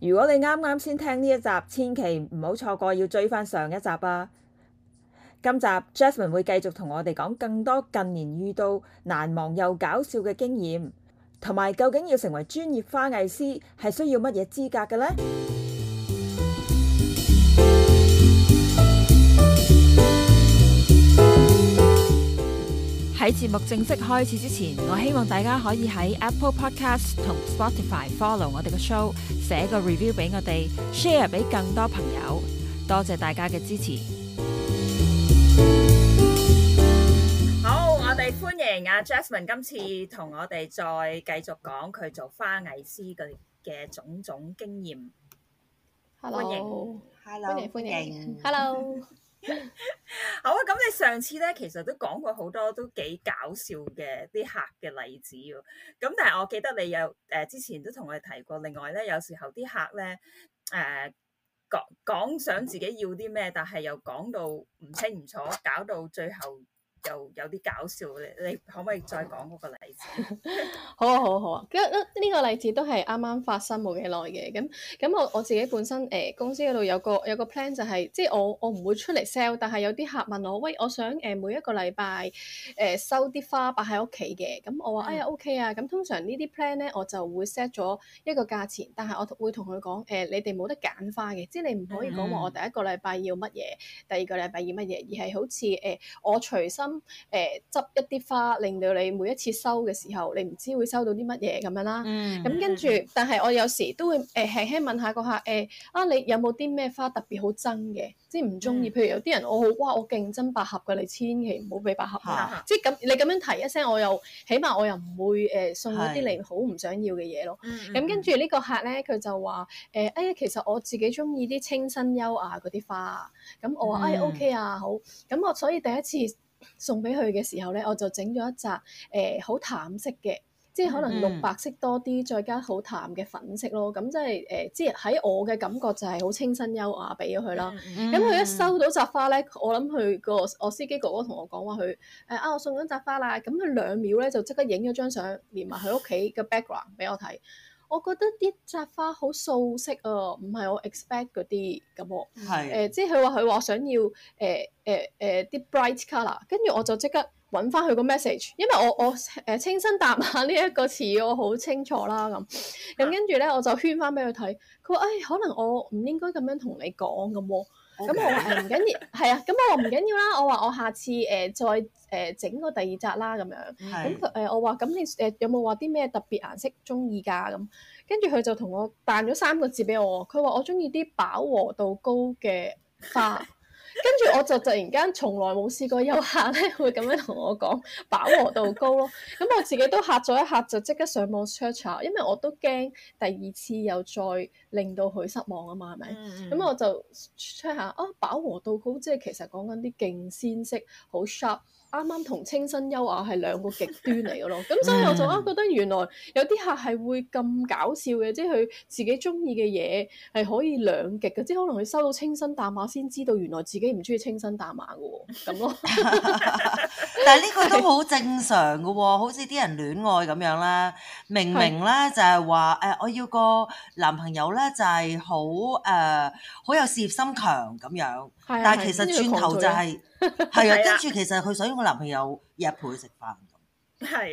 如果你啱啱先聽呢一集，千祈唔好錯過，要追翻上一集啊！今集 Jasmine 會繼續同我哋講更多近年遇到難忘又搞笑嘅經驗，同埋究竟要成為專業花藝師係需要乜嘢資格嘅呢？喺節目正式開始之前，我希望大家可以喺 Apple Podcast 同 Spotify follow 我哋嘅 show，寫個 review 俾我哋，share 俾更多朋友。多謝大家嘅支持。好，我哋歡迎阿 Jasmine 今次同我哋再繼續講佢做花藝師嘅嘅種種經驗。歡迎，歡迎，歡迎，Hello。 好啊，咁你上次咧，其實都講過好多都幾搞笑嘅啲客嘅例子喎。咁但係我記得你有誒、呃、之前都同我哋提過，另外咧有時候啲客咧誒講講想自己要啲咩，但係又講到唔清唔楚，搞到最後。又有啲搞笑，你你可唔可以再講嗰個例子？好啊，好啊，好啊，咁呢呢個例子都係啱啱發生冇幾耐嘅。咁咁我我自己本身誒、呃、公司嗰度有個有個 plan 就係、是，即係我我唔會出嚟 sell，但係有啲客問我，喂，我想誒每一個禮拜誒收啲花擺喺屋企嘅。咁我話，嗯、哎呀 OK 啊。咁通常呢啲 plan 咧，我就會 set 咗一個價錢，但係我會同佢講誒，你哋冇得揀花嘅，即係你唔可以講話我第一個禮拜要乜嘢，第二個禮拜要乜嘢，而係好似誒、呃、我隨心。誒，執一啲花，令到你每一次收嘅時候，你唔知會收到啲乜嘢咁樣啦。咁跟住，但係我有時都會誒、呃、輕輕問下個客誒、呃，啊，你有冇啲咩花特別好憎嘅？即係唔中意，嗯、譬如有啲人我好、哦、哇，我勁憎百合嘅，你千祈唔好俾百合。啊、即係咁，你咁樣提一聲，我又起碼我又唔會誒送一啲你好唔想要嘅嘢咯。咁跟住呢個客咧，佢就話誒，呀、呃哎，其實我自己中意啲清新優雅嗰啲花。咁我話，哎，OK 啊，好。咁我、嗯、所以第一次，送俾佢嘅時候咧，我就整咗一紮誒好淡色嘅，即係可能綠白色多啲，mm hmm. 再加好淡嘅粉色咯。咁即係誒、呃，即係喺我嘅感覺就係好清新優雅俾咗佢啦。咁佢、mm hmm. 一收到紮花咧，我諗佢個我司機哥哥同我講話佢，誒啊，我送緊紮花啦。咁佢兩秒咧就即刻影咗張相，連埋佢屋企嘅 background 俾我睇。我覺得啲雜花好素色啊，唔係我 expect 嗰啲咁喎。係。誒，即係佢話佢話想要誒誒誒啲 bright color，跟住我就即刻揾翻佢個 message，因為我我誒、呃、清新淡雅呢一個詞我好清楚啦咁。咁跟住咧我就圈翻俾佢睇，佢話誒可能我唔應該咁樣同你講咁喎。咁 Okay. 我話誒唔緊要係啊，咁我話唔緊要啦，我話我下次誒、呃、再誒整、呃、個第二集啦咁樣。咁佢誒我話咁你誒有冇話啲咩特別顏色中意㗎咁？跟住佢就同我彈咗三個字俾我，佢話我中意啲飽和度高嘅花。 跟住我就突然間從來冇試過有客咧會咁樣同我講飽和度高咯，咁 我自己都嚇咗一嚇，就即刻上網 search 下，因為我都驚第二次又再令到佢失望啊嘛，係咪？咁、嗯、我就 search 下啊飽和度高，即係其實講緊啲勁鮮色，好 sharp。啱啱同清新優雅係兩個極端嚟嘅咯，咁 所以我就啱覺得原來有啲客係會咁搞笑嘅，即係佢自己中意嘅嘢係可以兩極嘅，即、就、係、是、可能佢收到清新淡雅先知道原來自己唔中意清新淡雅嘅，咁咯。 但係呢個都好正常嘅喎，是好似啲人戀愛咁樣啦，明明咧就係話誒，我要個男朋友咧就係好誒，好、uh，有事業心強咁樣。但係其實轉頭就係、係、係 啊，跟住其實佢想我男朋友日日陪佢食飯，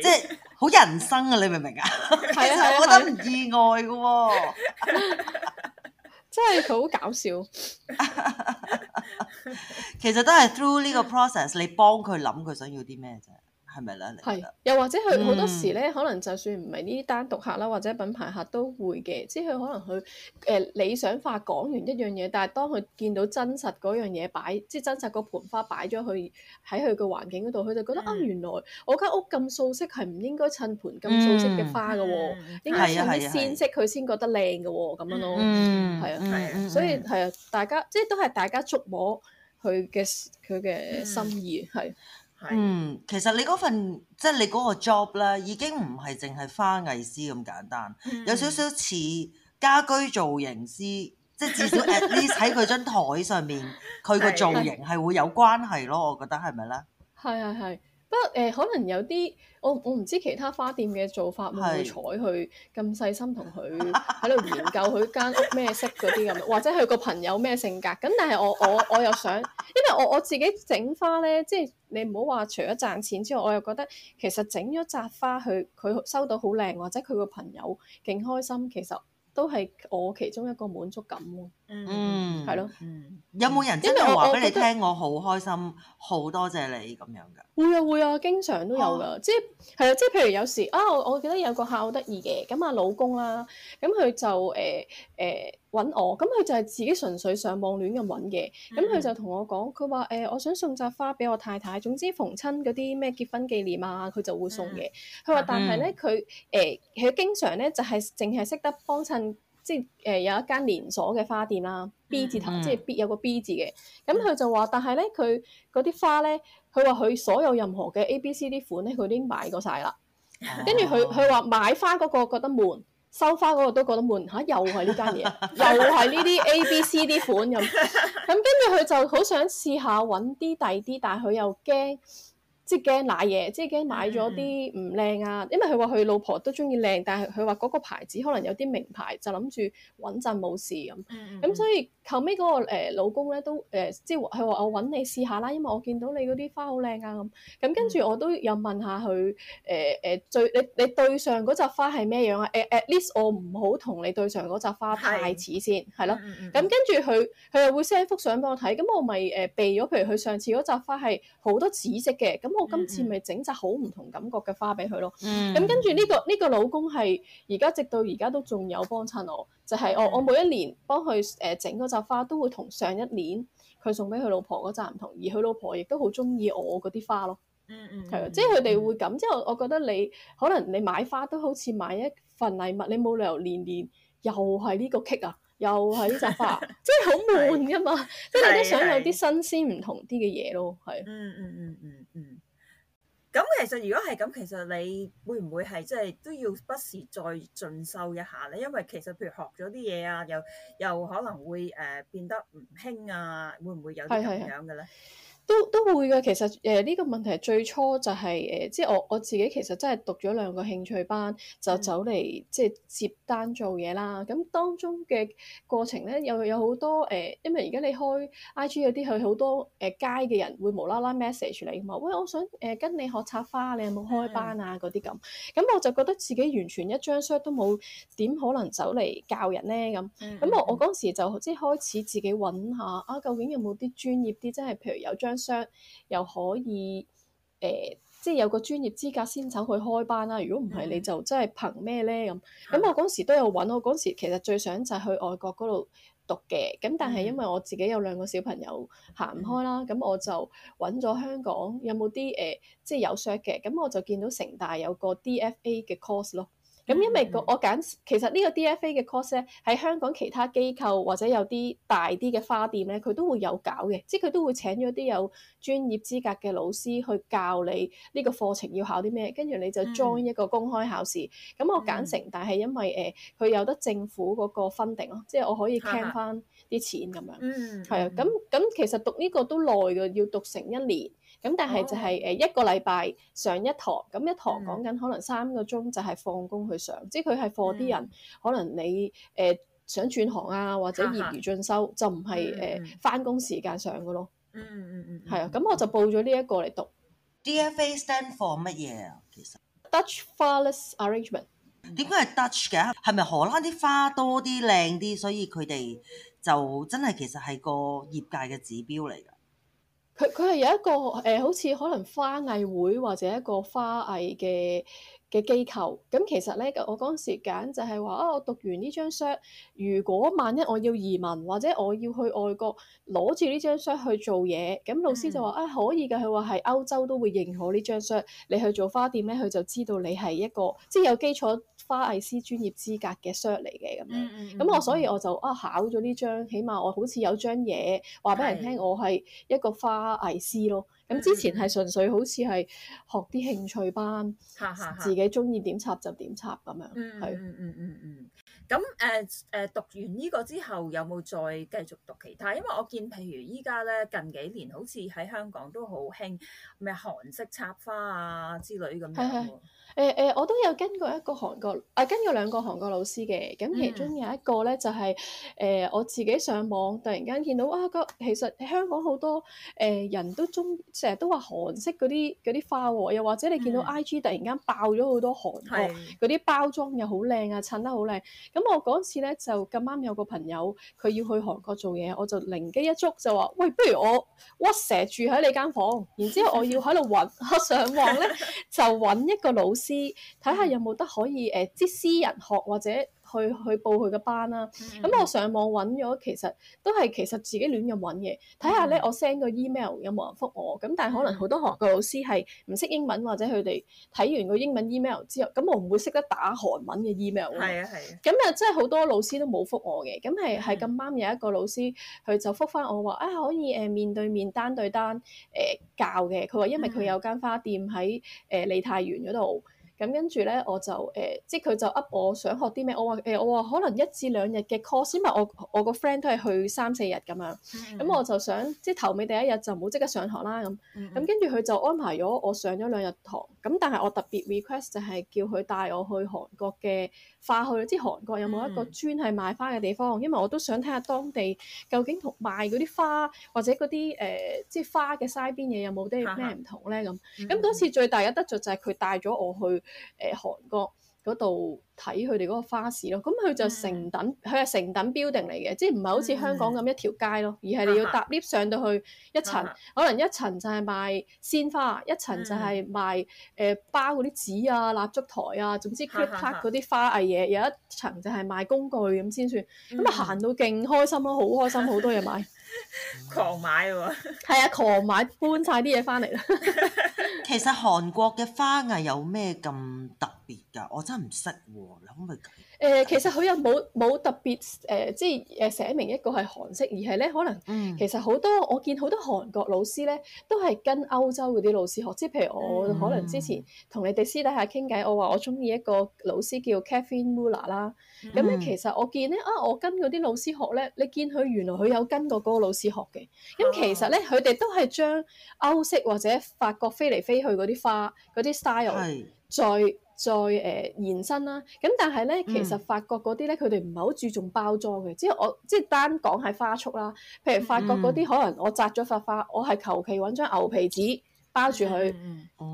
即係好人生啊！你明唔明啊？係啊，我覺得唔意外嘅喎， 真係好搞笑。 其實都係 through 呢個 process，你幫佢諗佢想要啲咩啫。係，又或者佢好多時咧，可能就算唔係呢單獨客啦，或者品牌客都會嘅，即佢可能佢誒理想化講完一樣嘢，但係當佢見到真實嗰樣嘢擺，即係真實個盤花擺咗去喺佢個環境嗰度，佢就覺得啊，原來我間屋咁素色係唔應該襯盤咁素色嘅花㗎喎，應該襯啲鮮色佢先覺得靚㗎喎，咁樣咯，係啊，係啊，所以係啊，大家即係都係大家觸摸佢嘅佢嘅心意係。是嗯，其實你嗰份即係你嗰個 job 咧，已經唔係淨係花藝師咁簡單，有少少似家居造型師， 即係至少 at least 喺佢張台上面，佢個 造型係會有關係咯。我覺得係咪咧？係係係。誒、呃、可能有啲我我唔知其他花店嘅做法是會唔會睬佢咁細心，同佢喺度研究佢間屋咩色嗰啲咁，或者佢個朋友咩性格咁。但係我我我又想，因為我我自己整花咧，即係你唔好話除咗賺錢之外，我又覺得其實整咗扎花，佢佢收到好靚或者佢個朋友勁開心，其實都係我其中一個滿足感。嗯，係咯的。嗯，有冇人真係話俾你聽？我好開心，好多謝你咁樣噶。會啊會啊，經常都有噶、啊。即係，係啊，即係，譬如有時啊，我我記得有個客好得意嘅，咁啊，老公啦，咁佢就誒誒揾我，咁佢就係自己純粹上網亂咁揾嘅。咁佢、嗯、就同我講，佢話誒，我想送扎花俾我太太。總之逢親嗰啲咩結婚紀念啊，佢就會送嘅。佢話、嗯，但係咧，佢誒、呃，佢經常咧就係淨係識得幫襯。即係誒、呃、有一間連鎖嘅花店啦，B 字頭，嗯、即係 B 有個 B 字嘅，咁、嗯、佢、嗯、就話，但係咧佢嗰啲花咧，佢話佢所有任何嘅 A、B、C D 款咧，佢已經買過晒啦，跟住佢佢話買花嗰個覺得悶，收花嗰個都覺得悶，嚇又係呢間嘢，又係呢啲 A、B、 嗯、C D 款咁，咁跟住佢就好想試下揾啲第啲，但係佢又驚。即係驚買嘢，即係驚買咗啲唔靚啊！因為佢話佢老婆都中意靚，但係佢話嗰個牌子可能有啲名牌就諗住穩陣冇事咁。咁、mm hmm. 嗯、所以後尾嗰個老公咧都誒，即係話佢話我揾你試下啦，因為我見到你嗰啲花好靚啊咁。咁、嗯 mm hmm. 跟住我都有問下佢誒誒，最你你對上嗰扎花係咩樣啊？At least，我唔好同你對上嗰扎花太似先，係咯。咁跟住佢佢又會 send 幅相俾我睇，咁我咪誒避咗。譬如佢上次嗰扎花係好多紫色嘅，咁。我今次咪整紮好唔同感覺嘅花俾佢咯。咁跟住呢個呢個老公係而家直到而家都仲有幫襯我，就係我我每一年幫佢誒整嗰扎花都會同上一年佢送俾佢老婆嗰扎唔同，而佢老婆亦都好中意我嗰啲花咯。嗯嗯，係啊，即係佢哋會咁，即係我覺得你可能你買花都好似買一份禮物，你冇理由年年又係呢個棘啊，又係呢扎花，即係好悶噶嘛。即係你都想有啲新鮮唔同啲嘅嘢咯。係。嗯嗯嗯嗯嗯。咁其實如果係咁，其實你會唔會係即係都要不時再進修一下咧？因為其實譬如學咗啲嘢啊，又又可能會誒、呃、變得唔興啊，會唔會有啲咁樣嘅咧？係係係。都都會嘅，其實誒呢、呃這個問題最初就係、是、誒、呃，即係我我自己其實真係讀咗兩個興趣班，就走嚟即係接單做嘢啦。咁、嗯、當中嘅過程咧，有有好多誒、呃、因為而家你開 I G 有啲，係好多誒、呃、街嘅人會無啦啦 message 你嘛。喂，我想誒、呃、跟你學插花，你有冇開班啊？啲咁的，咁我就覺得自己完全一張 cert 都冇，點可能走嚟教人咧咁。咁的我我嗰時就即係開始自己揾下啊，究竟有冇啲專，專業啲，即係譬如有張。又可以誒、呃，即係有個專業資格先走去開班啦。如果唔係，你就真係憑咩呢？咁咁，我嗰時都有揾，我嗰時其實最想就係去外國嗰度讀嘅。咁但係因為我自己有兩個小朋友行唔開啦，咁我就揾咗香港有冇啲誒，即係有 s 嘅。咁我就見到城大有個 DFA 嘅 course 咯。咁、嗯、因為個我揀，其實個呢個 DFA 嘅 course 咧，喺香港其他機構或者有啲大啲嘅花店咧，佢都會有搞嘅，即係佢都會請咗啲有專業資格嘅老師去教你呢個課程要考啲咩，跟住你就 join 一個公開考試。咁、嗯、我揀成，但係因為誒佢、呃、有得政府嗰個 funding 咯，即係我可以 claim 翻啲錢咁樣、嗯。嗯，係啊，咁咁其實讀呢個都耐嘅，要讀成一年。咁但係就係誒一個禮拜上一堂，咁一堂講緊可能三個鐘就係放工去上，嗯、即係佢係課啲人可能你誒想轉行啊，或者業餘進修、啊嗯、就唔係誒翻工時間上嘅咯。嗯嗯嗯，係、嗯、啊，咁、嗯、我就報咗呢一個嚟讀 DFA stand for 乜嘢啊？其實 Dutch flower arrangement 點解係 Dutch 嘅？係咪荷蘭啲花多啲靚啲，所以佢哋就真係其實係個業界嘅指標嚟㗎？佢佢係有一個誒、呃，好似可能花藝會或者一個花藝嘅嘅機構，咁其實咧，我嗰陣時揀就係話啊，我讀完呢張 cert，如果萬一我要移民或者我要去外國攞住呢張 cert 去做嘢，咁老師就話啊，可以嘅，佢話係歐洲都會認可呢張 cert，你去做花店咧，佢就知道你係一個即係有基礎花藝師專業資格嘅 cert 嚟嘅咁樣。咁我、mm hmm. 啊、所以我就啊考咗呢張，起碼我好似有張嘢話俾人聽、mm，hmm. 我係一個花藝師咯。咁之前係純粹好似係學啲興趣班， 自己中意點插就點插咁樣，係。 是 咁誒誒讀完呢個之後，有冇再繼續讀其他？因為我見譬如依家咧近幾年，好似喺香港都好興咩韓式插花啊之類咁樣。係，係，我都有跟過一個韓國，誒、啊、跟過兩個韓國老師嘅。咁其中有一個咧就係、係、誒我自己上網，突然間見到啊個，其實香港好多誒、呃、人都中，成日都話韓式嗰啲啲花喎，又或者你見到 I G 突然間爆咗好多韓國嗰啲是包裝又好靚啊，襯得好靚。咁我嗰次咧就咁啱有個朋友佢要去韓國做嘢，我就靈機一觸就話：喂，不如我屈蛇住喺你間房，然之後我要喺度揾，我上網咧就揾一個老師，睇下有冇得可以誒，即、呃、私人學或者。去去報佢嘅班啦、啊，咁、嗯嗯、我上網揾咗，其實都係其實自己亂咁揾嘅，睇下咧我 send 個 email 有冇人覆我，咁但係可能好多韓國老師係唔識英文或者佢哋睇完個英文 email 之後，咁我唔會識得打韓文嘅 email 喎。係啊係啊，咁啊真係好多老師都冇覆我嘅，咁係係咁啱有一個老師佢就覆返我話啊可以誒面對面單對單誒、呃、教嘅，佢話因為佢有間花店喺誒、呃、利泰園嗰度。咁跟住咧，我就誒、呃，即係佢就噏我想學啲咩，我話誒、呃，我話可能一至兩日嘅 course，因為我我個 friend 都係去三四日咁樣，咁、嗯嗯、我就想即係頭尾第一日就冇即刻上堂啦咁，咁、嗯嗯嗯嗯、跟住佢就安排咗我上咗兩日堂。咁但係我特別 request 就係叫佢帶我去韓國嘅花去，即係韓國有冇一個專係買花嘅地方？嗯、因為我都想睇下當地究竟同賣嗰啲花或者嗰啲誒即係花嘅邊邊嘢有冇啲咩唔同咧咁。咁嗰次最大嘅得着就係佢帶咗我去誒、呃、韓國。嗰度睇佢哋嗰個花市咯，咁佢就成等，佢係、嗯、成等標定嚟嘅，即係唔係好似香港咁一條街咯，嗯、而係你要搭 lift 上到去一層，嗯、可能一層就係賣鮮花，嗯、一層就係賣誒、呃、包嗰啲紙啊、蠟燭台啊，總之 clutch 嗰啲花藝嘢，嗯嗯、有一層就係賣工具咁先算，咁啊行到勁開心咯，好開心，好、嗯嗯、多嘢買。嗯、狂買喎、啊，係 啊，狂買，搬晒啲嘢翻嚟啦。 其實韓國嘅花藝有咩咁特別噶？我真係唔識喎，諗佢。誒其實佢又冇冇特別誒，即係誒寫明一個係韓式，而係咧，可能其實好多、嗯、我見好多韓國老師咧，都係跟歐洲嗰啲老師學。即係譬如我、嗯、可能之前同你哋私底下傾偈，我話我中意一個老師叫 Catherine Muller 啦、嗯。咁咧其實我見咧，啊，我跟嗰啲老師學咧，你見佢原來佢有跟過嗰個老師學嘅。咁其實咧佢哋都係將歐式或者法國飛嚟飛去嗰啲花嗰啲 style 再。再誒延伸啦，咁但係咧，其實法國嗰啲咧，佢哋唔係好注重包裝嘅，即係我即係單講係花束啦。譬如法國嗰啲，可能我摘咗束花，我係求其揾張牛皮紙包住佢，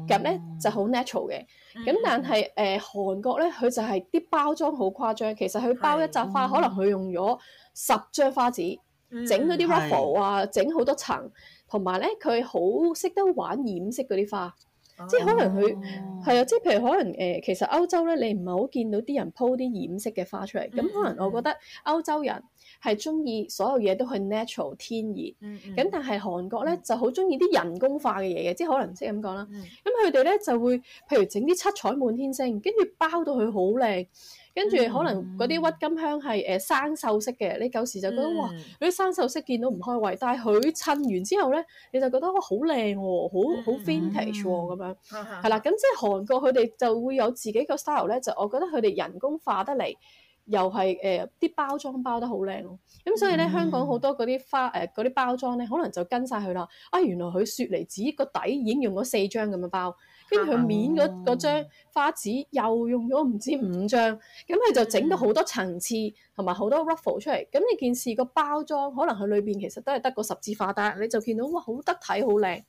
咁咧就好 natural 嘅。咁但係誒韓國咧，佢就係啲包裝好誇張，其實佢包一扎花，可能佢用咗十張花紙，整嗰啲 rubber 啊，整好多層，同埋咧佢好識得玩染色嗰啲花。即係可能佢係啊，即係、oh. 譬如可能誒、呃，其實歐洲咧，你唔係好見到啲人鋪啲染色嘅花出嚟，咁、mm hmm. 可能我覺得歐洲人係中意所有嘢都係 natural 天然，咁、mm hmm. 但係韓國咧就好中意啲人工化嘅嘢嘅，即係可能即係咁講啦，咁佢哋咧就會譬如整啲七彩滿天星，跟住包到佢好靚。跟住可能嗰啲鬱金香係誒、呃、生鏽色嘅，你舊時就覺得、嗯、哇，嗰啲生鏽色見到唔開胃，但係佢襯完之後咧，你就覺得哇，好靚喎，好好 vintage 咁、哦、樣，係啦、嗯，咁、嗯嗯嗯、即係韓國佢哋就會有自己個 style 咧，就我覺得佢哋人工化得嚟，又係誒啲包裝包得好靚咯，咁所以咧、嗯、香港好多嗰啲花誒啲、呃、包裝咧，可能就跟晒佢啦，啊，原來佢雪梨紙個底已經用咗四張咁樣包。跟佢面嗰張花紙又用咗唔止五張，咁佢就整到好多層次同埋好多 ruffle 出嚟。咁呢件事個包裝可能佢裏邊其實都係得個十字花，但你就見到哇，好得體，好靚。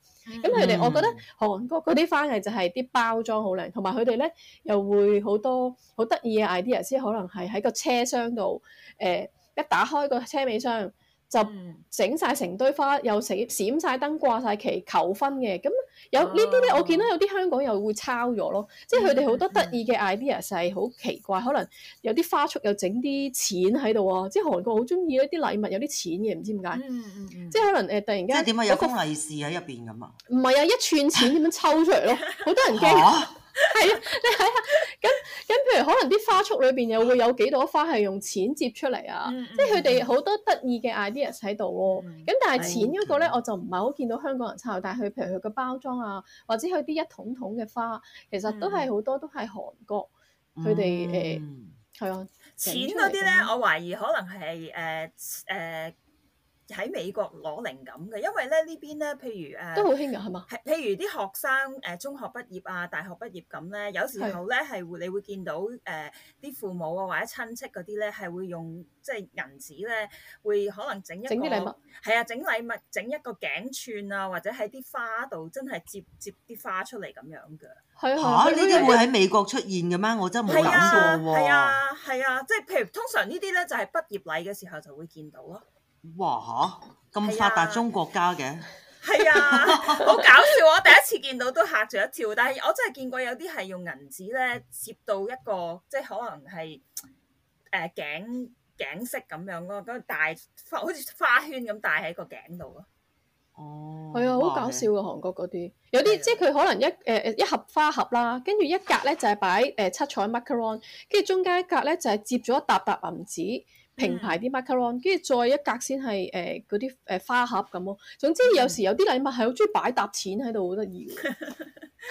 咁佢哋我覺得韓、嗯、國嗰啲花藝就係啲包裝好靚，同埋佢哋咧又會好多好得意嘅 idea，先可能係喺個車廂度誒、呃、一打開個車尾箱。就整晒成堆花，又閃晒燈，掛晒旗，求婚嘅。咁有呢啲咧，oh. 我見到有啲香港人又會抄咗咯。即係佢哋好多得意嘅 idea 係好奇怪，mm hmm. 可能有啲花束又整啲錢喺度喎。即係韓國好中意一啲禮物有啲錢嘅，唔知點解。嗯嗯、mm。Hmm. 即係可能誒、呃，突然間。即係點啊？有封利是喺入邊咁啊？唔係啊！一串錢點樣抽出嚟咯？好 多人驚。 係 啊，你睇下，咁咁、啊、譬如可能啲花束裏邊又會有幾朵花係用錢摺出嚟啊。嗯嗯、即係佢哋好多得意嘅 ideas 喺度咯。咁、嗯、但係錢嗰個咧，嗯、我就唔係好見到香港人抄，但係佢譬如佢嘅包裝啊，或者佢啲一桶桶嘅花，其實都係好多都係韓國佢哋誒，係啊，錢嗰啲咧，我懷疑可能係誒誒。Uh, uh, 喺美國攞靈感嘅，因為咧呢邊咧，譬如誒，都好興嘅係嘛？係譬如啲學生誒，中學畢業啊，大學畢業咁咧，有時候咧係會你會見到誒啲父母啊或者親戚嗰啲咧係會用即係銀紙咧，就是、會可能整一個整啲禮物係啊，整禮物整一個頸串啊，或者喺啲花度真係接接啲花出嚟咁樣嘅。嚇呢啲會喺美國出現嘅咩？我真係冇諗過喎。係啊，係啊，即係譬如通常呢啲咧就係畢業禮嘅時候就會見到咯。哇，咁發達中國家嘅？係啊，好 搞笑啊！我第一次見到都嚇住一跳，但係我真係見過有啲係用銀紙咧，摺到一個即係可能係誒、呃、頸頸飾咁樣咯，嗰個大好似花圈咁戴喺個頸度、嗯、啊。哦，係啊，好搞笑啊！韓國嗰啲，有啲的即係佢可能一誒誒、呃、一盒花盒啦，跟住一格咧就係擺誒七彩 macaron，跟住中間一格咧就係接咗一沓沓銀紙。平排啲 macaron，跟住再一格先係誒嗰啲誒花盒咁咯。總之有時有啲禮物係好中意擺沓錢喺度，好得意嘅。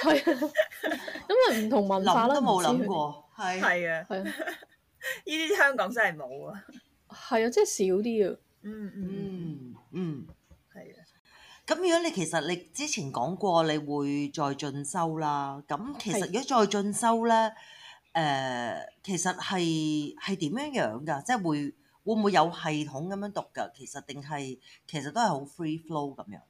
係啊，咁咪唔同文化啦。諗都冇諗過，係係啊，呢啲香港真係冇啊。係啊，即係少啲啊。嗯嗯嗯，係啊。咁如果你其實你之前講過，你會再進修啦。咁其實如果再進修咧？誒，uh, 其實係係點樣樣噶？即係會會唔會有系統咁樣讀噶？其實定係其實都係好 free flow 咁樣。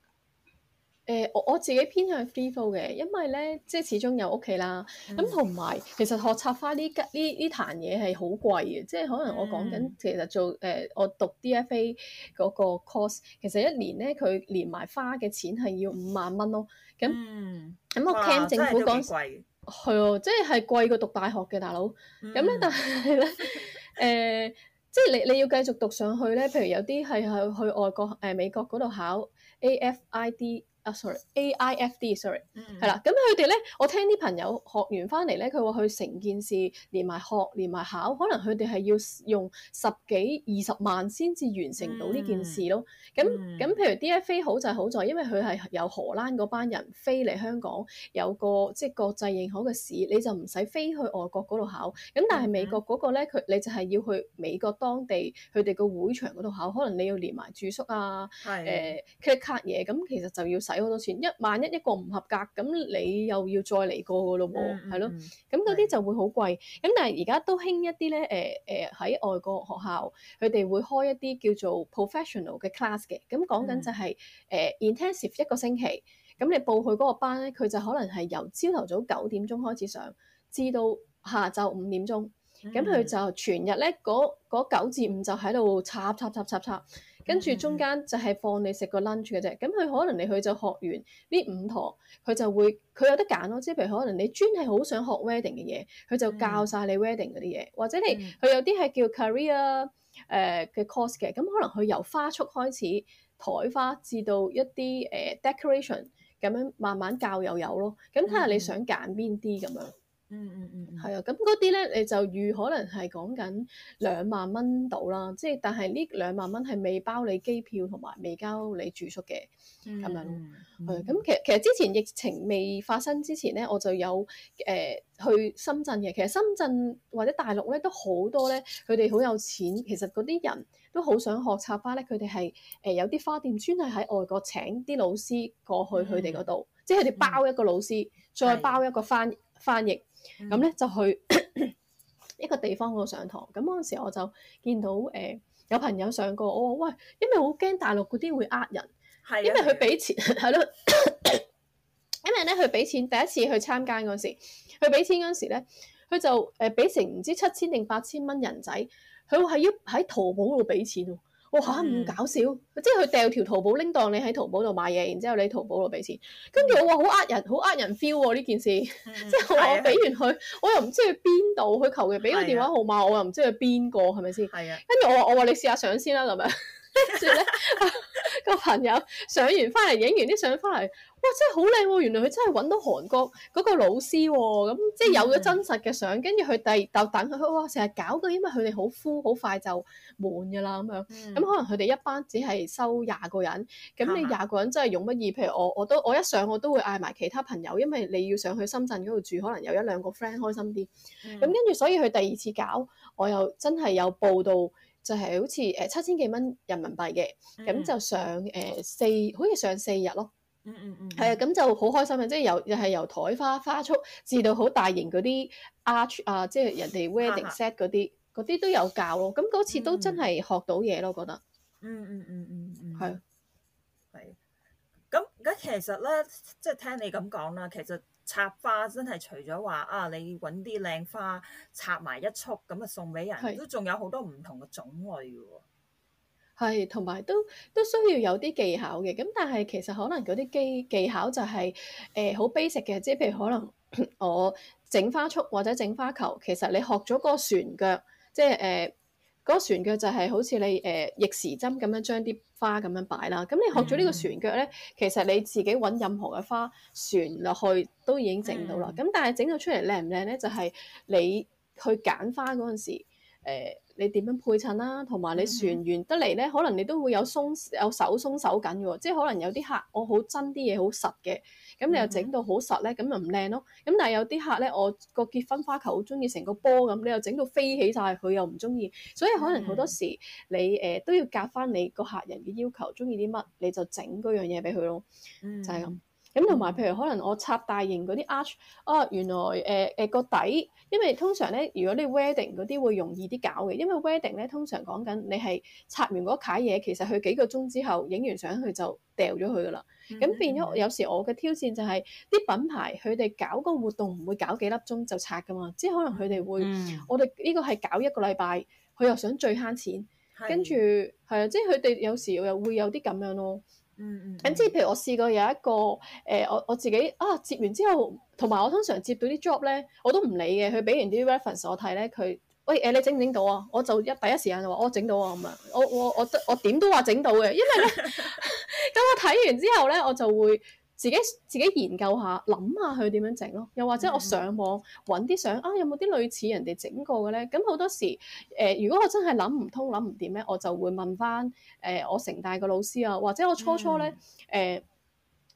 誒、呃，我我自己偏向 free flow 嘅，因為咧，即係始終有屋企啦。咁同埋，其實學插花呢呢呢壇嘢係好貴嘅，即係可能我講緊、嗯、其實做誒、呃，我讀 DFA 嗰個 course，其實一年咧佢連埋花嘅錢係要五萬蚊咯。咁、嗯、咁，我聽政府講。哇哇係 哦，即係貴過讀大學嘅大佬。咁咧、嗯，但係咧，誒、 嗯，即係你你要繼續讀上去咧，譬如有啲係去去外國誒、呃、美國嗰度考 AFID。啊，sorry，A.I.F.D.、Oh, sorry，係啦、mm，咁佢哋咧，我聽啲朋友學完翻嚟咧，佢話佢成件事連埋學連埋考，可能佢哋係要用十幾二十萬先至完成到呢件事咯。咁咁，譬如 DFA 好就好在，因為佢係由荷蘭嗰班人飛嚟香港，有個即係國際認可嘅試，你就唔使飛去外國嗰度考。咁但係美國嗰個咧，佢、mm hmm. 你就係要去美國當地佢哋個會場嗰度考，可能你要連埋住宿啊，係，c r c a 嘢，咁其實就要 使好多錢，一萬一一個唔合格，咁你又要再嚟過噶咯喎，係、yeah, mm hmm, 咯，咁嗰啲就會好貴。咁的但係而家都興一啲咧，誒誒喺外國學校，佢哋會開一啲叫做 professional 嘅 class 嘅，咁講緊就係、是、誒、mm hmm. 呃、intensive 一個星期，咁你報去嗰個班咧，佢就可能係由朝頭早九點鐘開始上，至到下晝五點鐘，咁佢就全日咧嗰九至五就喺度插插插插插。跟住中間就係放你食個 lunch 嘅啫，咁佢可能你去就學完呢五堂，佢就會佢有得揀咯。即係譬如可能你專係好想學 wedding 嘅嘢，佢就教晒你 wedding 嗰啲嘢，或者你佢有啲係叫 career 誒嘅 course 嘅，咁可能佢由花束開始，台花至到一啲誒、呃、decoration 咁樣慢慢教又有咯。咁睇下你想揀邊啲咁樣。嗯嗯嗯，係啊，咁嗰啲咧，你就預可能係講緊兩萬蚊度啦，即係但係呢兩萬蚊係未包你機票同埋未交你住宿嘅咁樣。係咁、嗯嗯嗯，其實其實之前疫情未發生之前咧，我就有誒、呃、去深圳嘅。其實深圳或者大陸咧都好多咧，佢哋好有錢，其實嗰啲人都好想學插花咧，佢哋係誒有啲花店專係喺外國請啲老師過去佢哋嗰度，嗯、即係佢哋包一個老師，嗯、再包一個翻翻譯。咁咧、嗯、就去一個地方度上堂，咁嗰陣時我就見到誒、呃、有朋友上過，我話喂，因為好驚大陸嗰啲會呃人，係、啊，因為佢俾錢係咯，啊、 因為咧佢俾錢第一次去參加嗰時，佢俾錢嗰時咧，佢就誒俾成唔知七千定八千蚊人仔，佢話係要喺淘寶度俾錢。哇嚇咁搞笑！嗯、即係佢掉條淘寶拎當你喺淘寶度買嘢，然之後你喺淘寶度俾錢，跟住我話好呃人，好呃人 feel 喎、啊、呢件事，嗯、 即係我俾完佢，的我又唔知佢邊度，佢求其俾個電話號碼，的我又唔知佢邊個係咪先？係啊，跟住的我我話你試下相先啦咁樣。 跟住咧，個朋友上完翻嚟，影完啲相翻嚟，哇！真係好靚喎，原來佢真係揾到韓國嗰個老師喎、哦，咁、嗯、即係有咗真實嘅相。跟住佢第就等佢，哇！成日搞到，因為佢哋好 full 好快就滿㗎啦，咁樣、嗯。咁可能佢哋一班只係收廿個人，咁你廿個人真係容乜易？嗯、譬如我我都我一上我都會嗌埋其他朋友，因為你要上去深圳嗰度住，可能有一兩個 friend 開心啲。咁跟住所以佢第二次搞，我又真係有報到。就係好似誒七千幾蚊人民幣嘅咁就上誒四、mm hmm. 好似上四日咯，嗯嗯嗯，係、hmm. 啊，咁就好開心啊！即、就、係、是、由又係、就是、由台花花束至到好大型嗰啲 arch 啊，即、就、係、是、人哋 wedding set 嗰啲嗰啲都有教咯。咁嗰次都真係學到嘢咯，我覺得嗯嗯嗯嗯嗯，係係咁，而家其實咧，即、就、係、是、聽你咁講啦，其實。插花真係除咗話啊，你揾啲靚花插埋一束咁啊送俾人，都仲是有好多唔同嘅種類喎，係同埋都都需要有啲技巧嘅。咁但係其實可能嗰啲技技巧就係、是、誒好、呃、basic 嘅，即係譬如可能我整花束或者整花球，其實你學咗嗰個船腳，即係誒。呃嗰個船腳就係好似你誒、呃、逆時針咁樣將啲花咁樣擺啦，咁你學咗呢個船腳咧，mm hmm. 其實你自己揾任何嘅花船落去都已經整到啦。咁、mm hmm. 但係整到出嚟靚唔靚咧，就係、是、你去揀花嗰陣時、呃，你點樣配襯啦、啊，同埋你船完得嚟咧，可能你都會有鬆有手鬆手緊嘅喎、啊，即係可能有啲客我好憎啲嘢好實嘅。咁你又整到好實咧，咁又唔靚咯。咁但係有啲客咧，我個結婚花球好中意成個波咁，你又整到飛起晒，佢又唔中意。所以可能好多時你誒、呃、都要夾翻你個客人嘅要求，中意啲乜你就整嗰樣嘢俾佢咯。就係、是、咁。咁同埋，嗯、譬如可能我插大型嗰啲 Arch，哦、啊，原來誒誒、呃呃、個底，因為通常咧，如果你 wedding 嗰啲會容易啲搞嘅，因為 wedding 咧通常講緊你係插完嗰啲嘢，其實佢幾個鐘之後影完相佢就掉咗佢噶啦。咁變咗有時我嘅挑戰就係、是、啲、嗯、品牌佢哋搞個活動唔會搞幾粒鐘就拆噶嘛，即係可能佢哋會，嗯、我哋呢個係搞一個禮拜，佢又想最慳錢。跟住係啊，即係佢哋有時又會有啲咁樣咯。嗯，嗯嗯。咁即係譬如我試過有一個誒、呃，我我自己啊接完之後，同埋我通常接到啲 job 咧，我都唔理嘅。佢俾完啲 reference 我睇咧，佢喂誒、呃、你整唔整到啊？我就一第一時間就話我整到啊咁啊！ 我我我我點都話整到嘅，因為咧咁 我睇完之後咧我就會。自己自己研究下，諗下佢點樣整咯。又或者我上網揾啲相啊，有冇啲類似人哋整過嘅咧？咁好多時誒、呃，如果我真係諗唔通、諗唔掂咧，我就會問翻誒、呃、我成大個老師啊，或者我初初咧誒、嗯呃、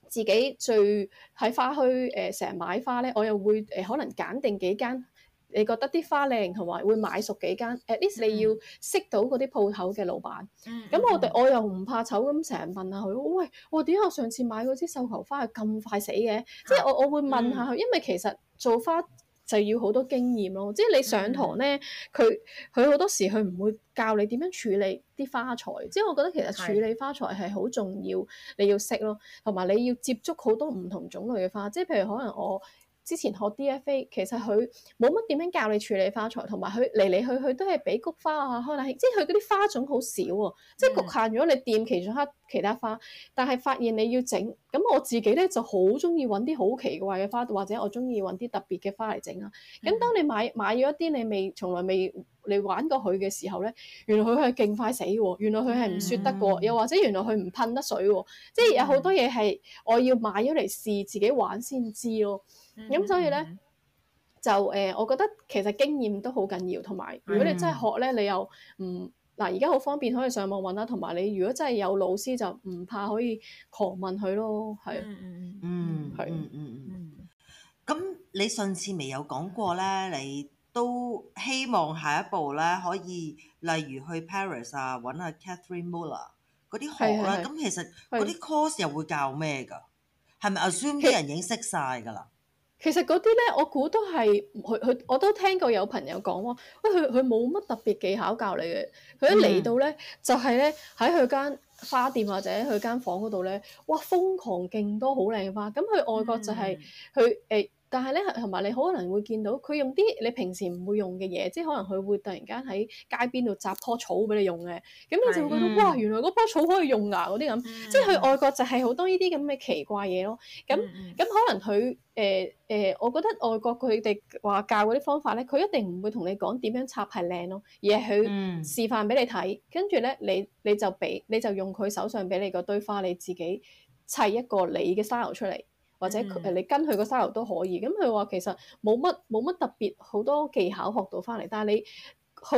自己最喺花墟誒成日買花咧，我又會誒、呃、可能揀定幾間。你覺得啲花靚，同埋會買熟幾間？at least 你要識到嗰啲鋪頭嘅老闆。咁、mm hmm. 我哋我又唔怕醜，咁成日問下佢，喂，我點解我上次買嗰支繡球花係咁快死嘅？的即係我我會問下佢，mm hmm. 因為其實做花就要好多經驗咯。即係你上堂咧，佢佢好多時佢唔會教你點樣處理啲花材。即係我覺得其實處理花材係好重要，的你要識咯，同埋你要接觸好多唔同種類嘅花。即係譬如可能我。之前學 DFA 其實佢冇乜點樣教你處理花材，同埋佢嚟嚟去去都係俾菊花啊、開立，即係佢嗰啲花種好少喎，嗯、即係局限咗你掂其中一其他花。但係發現你要整咁，我自己咧就好中意揾啲好奇怪嘅花，或者我中意揾啲特別嘅花嚟整啊。咁、嗯、當你買買咗一啲你未從來未。你玩過佢嘅時候咧，原來佢係勁快死喎，原來佢係唔説得喎，嗯、又或者原來佢唔噴得水喎，嗯、即係有好多嘢係我要買咗嚟試自己玩先知咯。咁、嗯、所以咧、嗯、就誒、呃，我覺得其實經驗都好緊要，同埋如果你真係學咧，你又唔嗱而家好方便可以上網揾啦，同埋你如果真係有老師就唔怕可以狂問佢咯。係、嗯是嗯，嗯，係、嗯，嗯嗯嗯。咁、嗯、你上次未有講過咧，你？都希望下一步咧可以，例如去 Paris 啊，揾阿 Catherine Muller 嗰啲好啦、啊。咁其實嗰啲 course 又會教咩㗎？係咪 assume 啲人已經識晒㗎啦。其實嗰啲咧，我估都係佢佢，我都聽過有朋友講喎。喂，佢，佢冇乜特別技巧教你嘅。佢一嚟到咧，嗯、就係咧喺佢間花店或者佢間房嗰度咧，哇！瘋狂勁多好靚花。咁佢外國就係佢誒。嗯但係咧，同埋你可能會見到佢用啲你平時唔會用嘅嘢，即係可能佢會突然間喺街邊度摘棵草俾你用嘅。咁你就會覺得是，哇，原來嗰棵草可以用牙嗰啲咁，是即係去外國就係好多呢啲咁嘅奇怪嘢咯。咁咁是可能佢誒誒，我覺得外國佢哋話教嗰啲方法咧，佢一定唔會同你講點樣插係靚咯，而係佢示範俾你睇，跟住咧你你就俾你就用佢手上俾你個堆花，你自己砌一個你嘅 style 出嚟。或者誒、嗯、你跟佢個沙 t 都可以，咁佢話其實冇乜冇乜特別，好多技巧學到翻嚟，但係你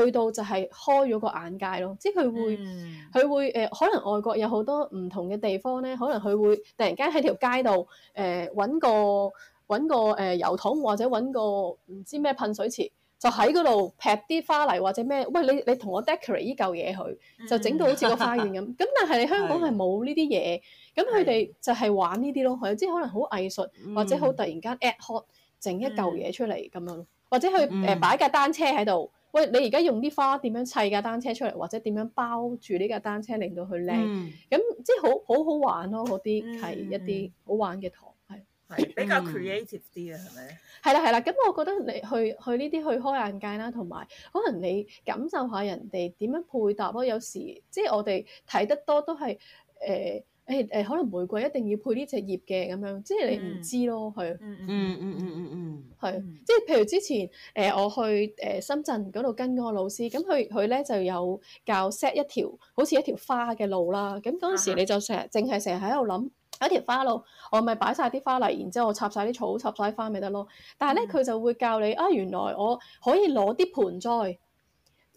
去到就係開咗個眼界咯，即係佢會佢、嗯、會誒、呃、可能外國有好多唔同嘅地方咧，可能佢會突然間喺條街度誒揾個揾個誒、呃、油桶或者揾個唔知咩噴水池，就喺嗰度劈啲花泥或者咩，喂，你你同我 decorate 依嚿嘢佢，就整到好似個花園咁，咁、嗯、 但係你香港係冇呢啲嘢。咁佢哋就係玩呢啲咯，即係可能好藝術，或者好突然間 at hot 整一嚿嘢出嚟咁樣，或者佢誒擺架單車喺度，喂，你而家用啲花點樣砌架單車出嚟？或者點樣包住呢架單車令到佢靚，咁、嗯、即係好好好玩咯！嗰啲係一啲好玩嘅堂，係係、嗯、是比較 creative 啲嘅係咪？係啦係啦，咁 我覺得你去去呢啲去開眼界啦，同埋可能你感受下人哋點樣配搭咯。有時即係我哋睇得多都係誒。呃呃嗯誒誒、哎呃，可能玫瑰一定要配呢隻葉嘅咁樣，即係你唔知咯，係。嗯嗯嗯嗯嗯嗯，係是、嗯。即係譬如之前誒、呃，我去誒、呃、深圳嗰度跟嗰個老師，咁佢佢咧就有教 set 一條，好似一條花嘅路啦。咁嗰陣時你就成，淨係成日喺度諗一條花路，我咪擺晒啲花泥，然之後我插晒啲草，插晒花咪得咯。但係咧，佢、嗯、就會教你啊，原來我可以攞啲盆栽。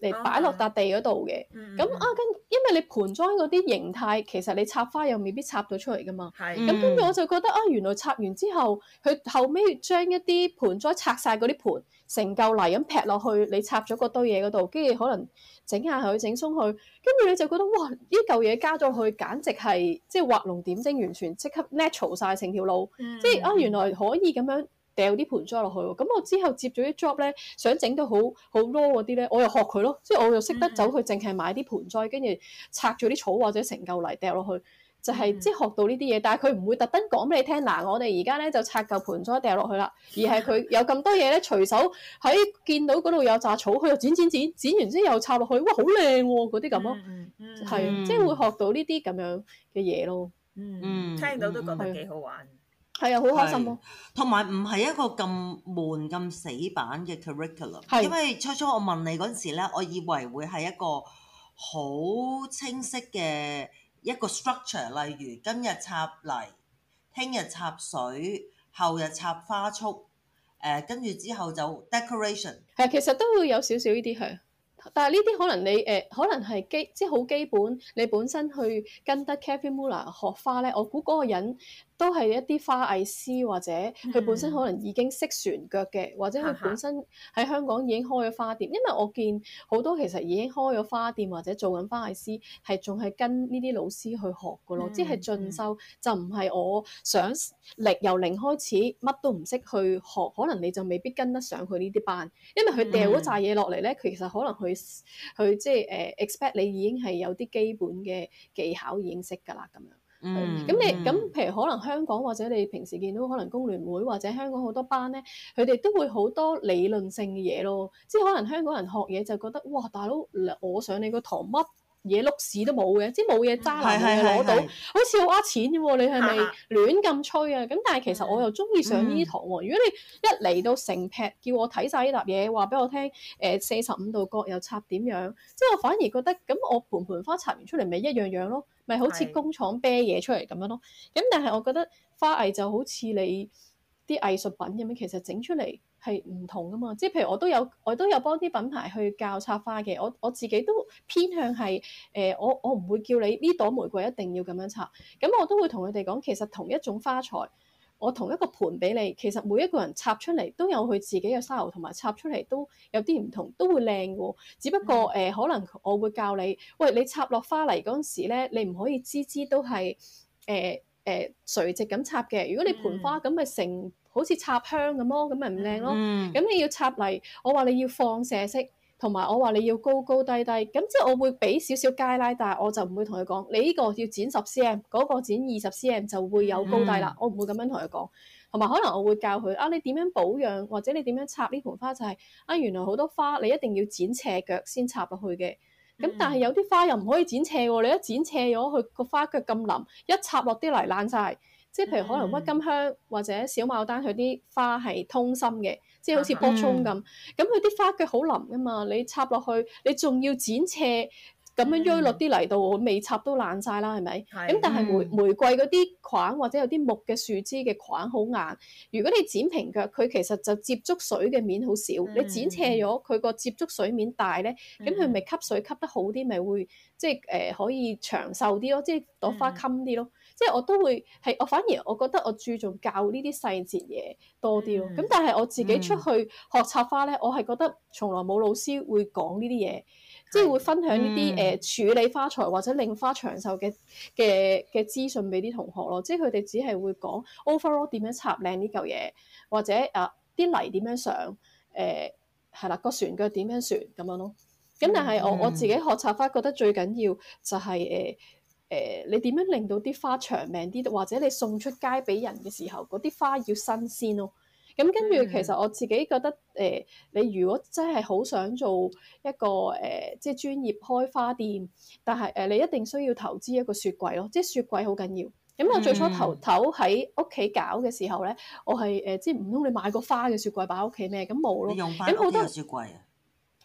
嚟擺落笪地嗰度嘅，咁啊跟那、嗯啊，因為你盆栽嗰啲形態，其實你插花又未必插到出嚟噶嘛。咁跟住我就覺得啊，原來插完之後，佢後尾將一啲盆栽拆晒嗰啲盆，成嚿泥咁劈落去，你插咗嗰堆嘢嗰度，跟住可能整下佢整鬆佢，跟住你就覺得哇，呢嚿嘢加咗去，簡直係即係畫龍點睛，完全即刻 natural 曬成條路，即係、嗯嗯、啊原來可以咁樣。掉啲盆栽落去，咁我之後接咗啲 job 咧，想整到好好 low 嗰啲咧，我又學佢咯，即係我又識得走去，淨係買啲盆栽，跟住拆咗啲草或者成嚿泥掉落去，就係、是、即係學到呢啲嘢。但係佢唔會特登講俾你聽，嗱、啊，我哋而家咧就拆嚿盆栽掉落去啦，而係佢有咁多嘢咧，隨手喺見到嗰度有扎草，佢又剪剪剪、剪，剪完之後又插落去，哇，好靚喎，嗰啲咁咯，係啊，即係會學到呢啲咁樣嘅嘢咯。嗯，聽到都覺得幾好玩。嗯嗯嗯嗯。係啊，好開心咯！同埋唔係一個咁悶、咁死板嘅 curriculum，的因為初初我問你嗰陣時咧，我以為會係一個好清晰嘅一個 structure，例如今日插泥，聽日插水，後日插花束，誒跟住之後就 decoration。係，其實都會有少少呢啲係，但係呢啲可能你誒、呃、可能係基即係好基本，你本身去跟得 Kevin Mula 學花咧，我估嗰個人。都係一啲花藝師或者佢本身可能已經識旋腳嘅，或者佢本身喺香港已經開咗花店。因為我見好多其實已經開咗花店或者做緊花藝師，係仲係跟呢啲老師去學㗎咯。 即係進修 就唔係我想零由零開始乜都唔識去學，可能你就未必跟得上佢呢啲班。因為佢掉一紮嘢落嚟咧，其實可能佢佢即係誒 expect 你已經係有啲基本嘅技巧已經識㗎啦咁樣。Mm hmm. 嗯，咁你咁譬如可能香港或者你平時見到可能工聯會或者香港好多班咧，佢哋都會好多理論性嘅嘢咯，即係可能香港人學嘢就覺得哇，大佬，我上你個堂乜？嘢碌屎都冇嘅，即冇嘢渣男嘅攞到，是是是是好似好呃錢嘅喎。你係咪亂咁吹啊？咁但係其實我又中意上呢啲堂喎。的如果你一嚟到成劈，叫我睇晒呢沓嘢，話俾我聽，誒四十五度角又插點樣，即係我反而覺得咁我盆盆花插完出嚟咪一樣樣咯，咪好似工廠啤嘢出嚟咁樣咯。咁的但係我覺得花藝就好似你。啲藝術品咁樣，其實整出嚟係唔同㗎嘛。即係譬如我都有，我都有幫啲品牌去教插花嘅。我我自己都偏向係誒、呃，我我唔會叫你呢朵玫瑰一定要咁樣插。咁我都會同佢哋講，其實同一種花材，我同一個盤俾你，其實每一個人插出嚟都有佢自己嘅 style，同埋插出嚟都有啲唔同，都會靚嘅。只不過誒、嗯呃，可能我會教你，喂，你插落花嚟嗰陣時咧，你唔可以支支都係誒、呃誒垂直咁插嘅，如果你盆花咁咪成好似插香咁咯，咁咪唔靚咯。咁你要插嚟，我話你要放射式，同埋我話你要高高低低，咁即係我會俾少少芥辣，但我就唔會同佢講，你呢個要剪十 cm，嗰個剪二十 cm 就會有高低啦。嗯、我唔會咁樣同佢講，同埋可能我會教佢啊，你點樣保養或者你點樣插呢盆花就係、是、啊，原來好多花你一定要剪斜腳先插入去嘅。咁、嗯、但係有啲花又唔可以剪斜喎，你一剪斜咗，佢個花腳咁腍，一插落啲泥爛晒。即係譬如可能鬱金香或者小牡丹佢啲花係通心嘅，即係好似波葱咁。咁佢啲花腳好腍噶嘛，你插落去，你仲要剪斜。咁、嗯、樣鋥落啲嚟到，我未插都爛晒啦，係咪？咁、嗯、但係玫玫瑰嗰啲框或者有啲木嘅樹枝嘅框好硬。如果你剪平腳，佢其實就接觸水嘅面好少。嗯、你剪斜咗，佢個接觸水面大咧，咁佢咪吸水吸得好啲，咪會即係誒可以長壽啲咯，即係朵花冚啲咯。嗯嗯即係我都會係，我反而我覺得我注重教呢啲細節嘢多啲咯。咁、嗯、但係我自己出去學插花咧，嗯、我係覺得從來冇老師會講呢啲嘢，即係會分享呢啲誒處理花材或者令花長壽嘅嘅嘅資訊俾啲同學咯。即係佢哋只係會講 overall 點樣插靚呢嚿嘢，或者啊啲泥點樣上誒係啦個船腳點樣船咁樣咯。咁但係我、嗯嗯、我自己學插花覺得最緊要就係、是、誒。呃誒、呃，你點樣令到啲花長命啲？或者你送出街俾人嘅時候，嗰啲花要新鮮咯。咁跟住，其實我自己覺得，誒、呃，你如果真係好想做一個誒、呃，即係專業開花店，但係誒、呃，你一定需要投資一個雪櫃咯。即係雪櫃好緊要。咁我最初、嗯、頭頭喺屋企搞嘅時候咧，我係誒，即係唔通你買個花嘅雪櫃擺喺屋企咩？咁冇咯。用翻。有雪櫃啊？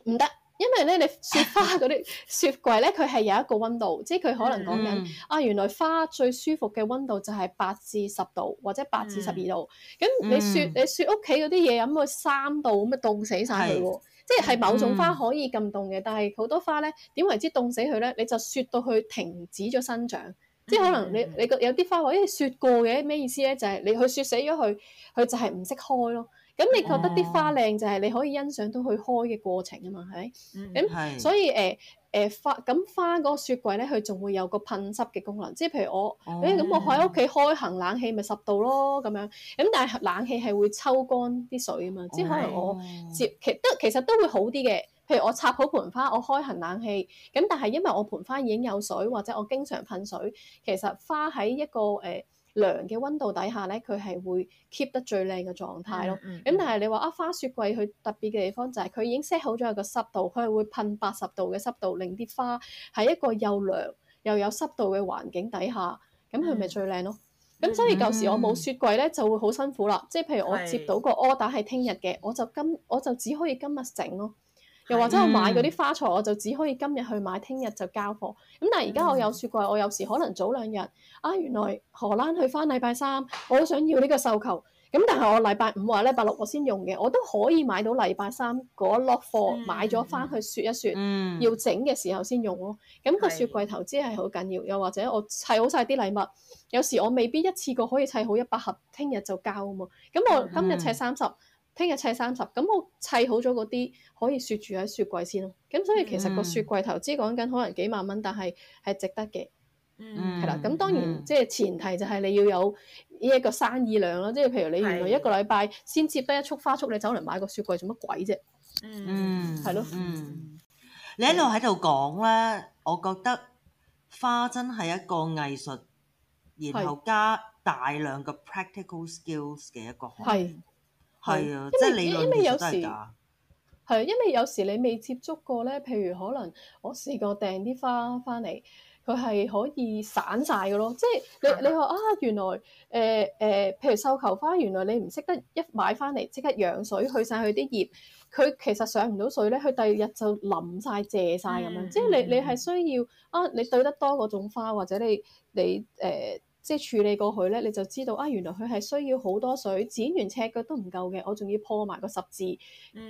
唔得。嗯因為咧，你雪花嗰啲雪櫃咧，佢係有一個溫度，即係佢可能講緊、嗯、啊，原來花最舒服嘅溫度就係八至十度或者八至十二度。咁、嗯、你雪、嗯、你雪屋企嗰啲嘢，咁佢三度咁咪凍死晒佢喎。嗯、即係係某種花可以咁凍嘅，但係好多花咧，點為之凍死佢咧？你就雪到佢停止咗生長，即係可能你你個有啲花話，咦，雪過嘅咩意思咧？就係、是、你去雪死咗佢，佢就係唔識開咯。咁你覺得啲花靚就係你可以欣賞到佢開嘅過程啊嘛，係咪？嗯、所以誒誒、呃、花咁花嗰個雪櫃咧，佢仲會有個噴濕嘅功能，即係譬如我，誒咁、嗯欸、我喺屋企開行冷氣咪十度咯咁樣，咁但係冷氣係會抽乾啲水啊嘛，嗯、即係可能我接、嗯、其都其實都會好啲嘅，譬如我插好盆花，我開行冷氣，咁但係因為我盆花已經有水或者我經常噴水，其實花喺一個誒。呃涼嘅温度底下咧，佢係會 keep 得最靚嘅狀態咯。咁 但係你話啊，花雪櫃佢特別嘅地方就係佢已經 set 好咗個濕度，佢係會噴八十度嘅濕度，令啲花喺一個又涼又有濕度嘅環境底下，咁佢咪最靚咯。咁 所以舊時我冇雪櫃咧， 就會好辛苦啦。即係譬如我接到個 order 係聽日嘅，我就今我就只可以今日整咯。又或者我買嗰啲花材，我就只可以今日去買，聽日就交貨。咁但係而家我有雪櫃，我有時可能早兩日啊，原來荷蘭去翻禮拜三，我想要呢個繡球。咁但係我禮拜五或禮拜六我先用嘅，我都可以買到禮拜三嗰一落貨，買咗翻去雪一雪，嗯、要整嘅時候先用咯。咁、嗰個雪櫃投資係好緊要。又或者我砌好晒啲禮物，有時我未必一次過可以砌好一百盒，聽日就交啊嘛。咁我今日砌三十。聽日砌三十咁，我砌好咗嗰啲可以雪住喺雪櫃先咯。咁所以其實個雪櫃、嗯、投資講緊可能幾萬蚊，但係係值得嘅，嗯，係啦。咁當然、嗯、即係前提就係你要有呢一個生意量咯。即係譬如你原來一個禮拜先接得一束花束，你走嚟買個雪櫃做乜鬼啫？嗯，係咯的。嗯，的你一路喺度講咧，我覺得花真係一個藝術，然後加大量嘅 practical skills 嘅一個學。的係啊，因為因為有時係因為有時你未接觸過咧，譬如可能我試過訂啲花翻嚟，佢係可以散晒嘅咯。即係你你話啊，原來誒誒、呃呃，譬如繡球花，原來你唔識得一買翻嚟即刻養水去晒佢啲葉，佢其實上唔到水咧，佢第二日就冧晒、謝晒咁樣。嗯、即係你你係需要啊，你對得多嗰種花或者你你誒。你呃即係處理過去咧，你就知道啊、哎，原來佢係需要好多水，剪完尺腳都唔夠嘅，我仲要破埋個十字，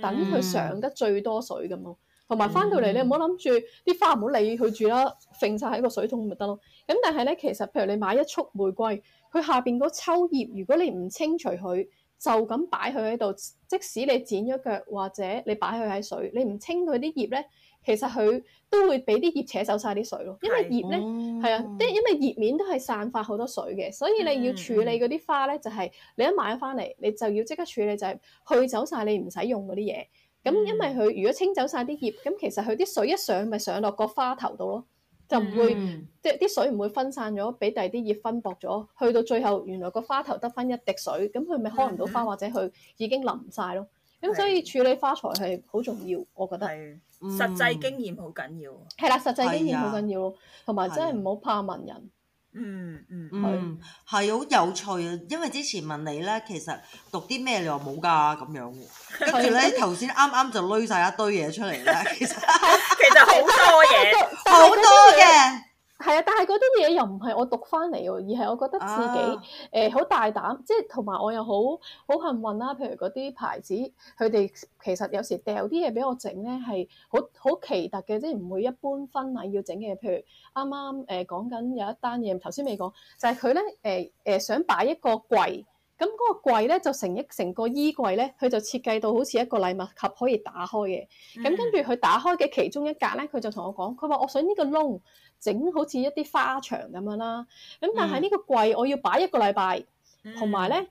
等佢上得最多水咁咯。同埋翻到嚟，嗯、你唔好諗住啲花唔好理佢住啦，揈晒喺個水桶咪得咯。咁但係咧，其實譬如你買一束玫瑰，佢下邊嗰抽葉，如果你唔清除佢，就咁擺佢喺度，即使你剪咗腳或者你擺佢喺水，你唔清佢啲葉咧。其實佢都會俾啲葉扯走晒啲水咯，因為葉咧係啊，即係、嗯、因為葉面都係散發好多水嘅，所以你要處理嗰啲花咧，嗯、就係你一買咗翻嚟，你就要即刻處理，就係去走晒你唔使用嗰啲嘢。咁因為佢如果清走晒啲葉，咁其實佢啲水一上咪上落個花頭度咯，就唔會即係啲水唔會分散咗，俾第二啲葉分薄咗，去到最後原來個花頭得翻一滴水，咁佢咪開唔到花，嗯、或者佢已經淋晒咯。咁所以處理花材係好重要，我覺得。係。實際經驗好緊要。係啦，實際經驗好緊要咯，同埋的真係唔好怕問人。嗯嗯的。嗯，係好有趣啊！因為之前問你咧，其實讀啲咩？你話冇㗎咁樣。跟住咧，頭先啱啱就攏晒一堆嘢出嚟啦。其實好多嘢，好 是多嘅。係啊，但係嗰啲嘢又唔係我讀翻嚟喎，而係我覺得自己誒好、啊呃、大膽，即係同埋我又好好幸運啦、啊。譬如嗰啲牌子，佢哋其實有時掉啲嘢俾我整咧，係好好奇特嘅，即係唔會一般婚禮要整嘅。譬如啱啱誒講緊有一單嘢，頭先未講，就係佢咧誒誒想擺一個櫃。咁嗰個櫃咧就成一成個衣櫃咧，佢就設計到好似一個禮物盒可以打開嘅。咁、嗯、跟住佢打開嘅其中一格咧，佢就同我講，佢話我想呢個窿整好似一啲花牆咁樣啦。咁但係呢個櫃我要擺一個禮拜，同埋咧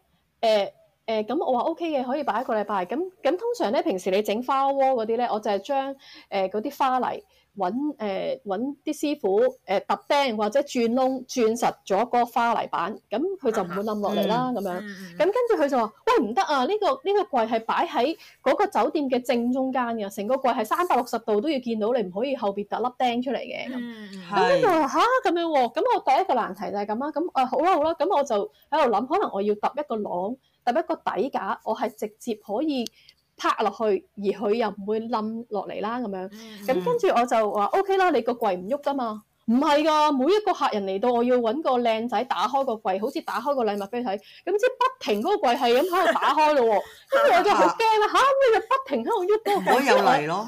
誒誒，咁、呃呃、我話 O K 嘅，可以擺一個禮拜。咁咁通常咧，平時你整花鍋嗰啲咧，我就係將誒嗰啲花泥。揾誒揾啲師傅誒揼、呃、釘或者鑽窿鑽實咗個花泥板，咁佢就唔會冧落嚟啦咁樣。咁跟住佢就話：喂唔得啊！呢、這個呢、這個櫃係擺喺嗰個酒店嘅正中間嘅，成個櫃係三百六十度都要見到你，唔可以後邊揼粒釘出嚟嘅。咁跟住話嚇咁樣喎，咁、嗯啊、我第一個難題就係咁啦。咁啊好啦、啊、好啦、啊，咁、啊啊、我就喺度諗，可能我要揼一個籮，揼一個底架，我係直接可以。拍落去，而佢又唔會冧落嚟啦咁樣。咁跟住我就話：OK 啦，你個櫃唔喐噶嘛？唔係噶，每一個客人嚟到，我要搵個靚仔打開個櫃，好似打開個禮物俾佢睇。咁即不停嗰個櫃係咁喺度打開嘞喎。跟住 我就好驚啦嚇，咩就、 啊、不停喺度喐個櫃？唔嚟咯。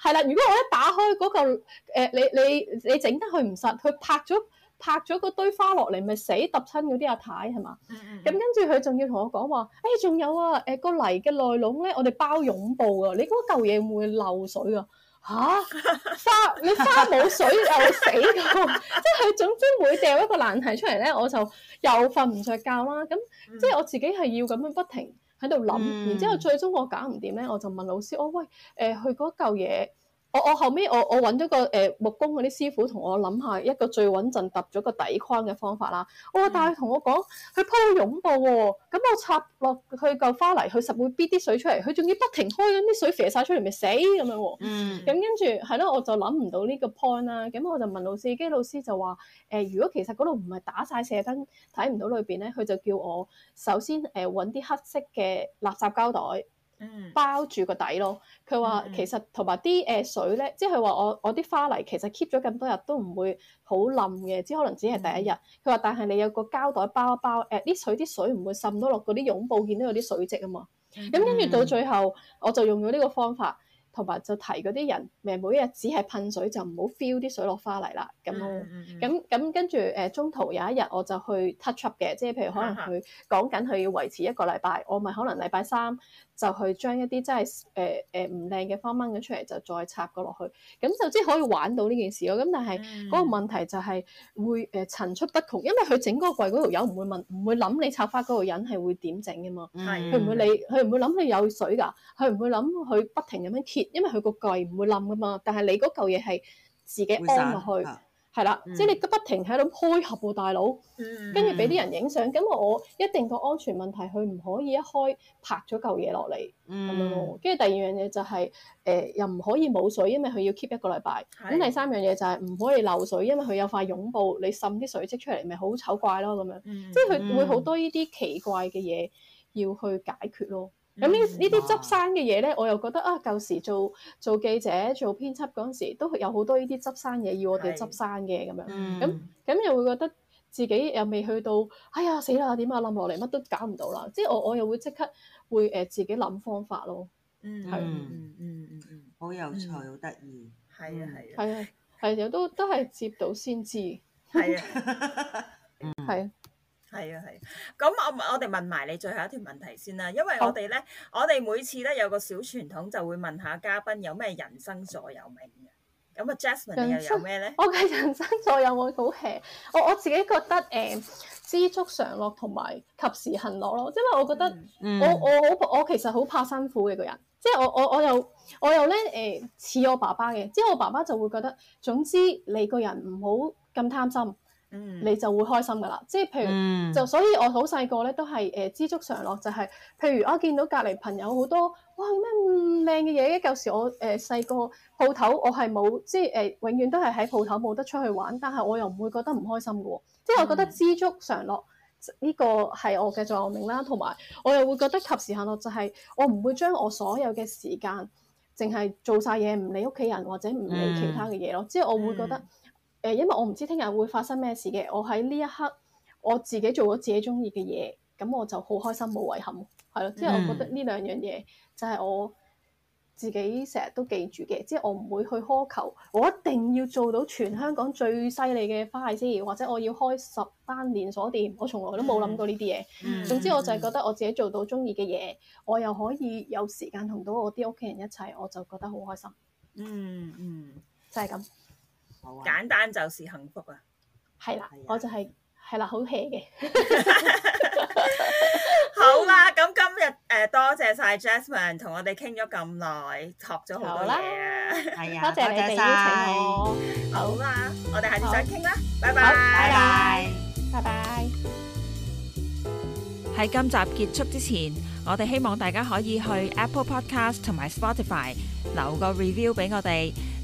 係啦，如果我一打開嗰嚿、那個呃，你你你整得佢唔實，佢拍咗。拍咗個堆花落嚟，咪死揼親嗰啲阿太係嘛？咁跟住佢仲要同我講話，誒、哎、仲有啊，誒、呃嗰個泥嘅內籠咧，我哋包絨布啊, 啊。你嗰嚿嘢會唔會漏水啊，嚇，花你花冇水又死㗎，即係佢總之每掉一個難題出嚟咧，我就又瞓唔着覺啦。咁即係我自己係要咁樣不停喺度諗，嗯、然之後最終我搞唔掂咧，我就問老師，我、哦、喂誒佢嗰嚿嘢。呃我我後尾我我揾咗個誒木工嗰啲師傅同我諗下一個最穩陣揼咗個底框嘅方法啦、哦。Mm. 我但係同我講佢鋪到擁布喎，咁我插落去嚿花泥，佢實會逼啲水出嚟，佢仲要不停開緊啲水瀉晒出嚟咪死咁樣，嗯，咁跟住係咯，我就諗唔到呢個 point 啦。咁我就問老師，跟住老師就話誒，如果其實嗰度唔係打晒射燈，睇唔到裏邊咧，佢就叫我首先誒揾啲黑色嘅垃圾膠袋。包住個底咯。佢話其實同埋啲誒水咧，即係佢話我我啲花泥其實 keep 咗咁多日都唔會好冧嘅，只可能只係第一日。佢話但係你有個膠袋包一包，誒啲水啲水唔會滲到落嗰啲絨布，見到有啲水漬啊嘛。咁跟住到最後，我就用咗呢個方法，同埋就提嗰啲人，誒每日只係噴水就唔好 fill 啲水落花泥啦。咁咯，咁咁跟住誒中途有一日我就去 touch up 嘅，即係譬如可能佢講緊佢要維持一個禮拜，我咪可能禮拜三。就去將一啲真係誒誒唔靚嘅花掹咗出嚟，就再插個落去，咁就即係可以玩到呢件事咯。咁但係嗰個問題就係會誒、嗯呃、層出不窮，因為佢整嗰個櫃嗰條友唔會問，唔會諗你插花嗰個人係會點整嘅嘛。係是，佢唔會理，佢唔會諗你有水㗎，佢唔會諗佢不停咁樣揭，因為佢個櫃唔會冧㗎嘛。但係你嗰嚿嘢係自己安落去。係啦，嗯、即係你不停喺度開合喎、啊，大佬，跟住俾啲人影相。咁、嗯、我一定個安全問題，佢唔可以一開拍咗嚿嘢落嚟咁樣咯。跟住、嗯、第二樣嘢就係、是，誒、呃，又唔可以冇水，因為佢要 keep 一個禮拜。咁的第三樣嘢就係唔可以漏水，因為佢有塊擁布，你滲啲水漬出嚟，咪好醜怪咯咁樣。嗯、即係佢會好多呢啲奇怪嘅嘢要去解決咯。咁呢呢啲執生嘅嘢咧，我又覺得啊，舊時做做記者、做編輯嗰陣時，都有好多呢啲執生嘢要我哋執生嘅咁樣。咁咁又會覺得自己又未去到，哎呀死啦，點啊冧落嚟乜都搞唔到啦！即係我我又會即刻會誒自己諗方法咯。嗯嗯嗯嗯嗯，好有才，好得意。係啊係啊。係啊係，就都都係接到先知。係啊。係。係啊，係。咁我我哋問埋你最後一條問題先啦，因為我哋咧，uh. 我哋每次咧有個小傳統就會問下嘉賓有咩人生座右銘嘅。咁啊，Jasmine 你又有咩咧？我嘅人生座右銘好 hea 我我自己覺得誒知足常樂同埋及時行樂咯。即、嗯、為、嗯嗯呃、我覺得我我我其實好怕辛苦嘅個人，呃嗯、即係我我我又我又咧誒似我爸爸嘅，即係我爸爸就會覺得總之你個人唔好咁貪心。你就會開心噶啦，即係譬如、嗯、就所以我，我好細個咧都係誒知足常樂，就係、是、譬如我見到隔離朋友好多，哇咩靚嘅嘢嘅，舊、呃、時我誒細個鋪頭我係冇，即係誒、呃、永遠都係喺鋪頭冇得出去玩，但係我又唔會覺得唔開心嘅喎，即係我覺得知足常樂呢個係我嘅座右銘啦，同埋我又會覺得及時行樂就係我唔會將我所有嘅時間淨係做晒嘢唔理屋企人或者唔理其他嘅嘢咯，即係我會覺得。嗯因為我唔知聽日會發生咩事嘅，我喺呢一刻我自己做咗自己中意嘅嘢，咁我就好開心，冇遺憾，係咯。即係我覺得呢兩樣嘢就係我自己成日都記住嘅，即係我唔會去苛求，我一定要做到全香港最犀利嘅花藝師，或者我要開十間連鎖店，我從來都冇諗過呢啲嘢。總之我就係覺得我自己做到中意嘅嘢，我又可以有時間同到我啲屋企人一齊，我就覺得好開心。嗯嗯，就係咁。簡單就是幸福啊！係啦，我就係，係啦，好 hea 嘅。好啦，咁今日誒，多謝晒 Jasmine 同我哋傾咗咁耐，學咗好多嘢啊！係啊，多謝你哋邀請我。好啦，我哋下次再傾啦。拜拜，拜拜，拜拜。喺今集結束之前，我哋希望大家可以去 Apple Podcast 同埋 Spotify 留個 review 俾我哋。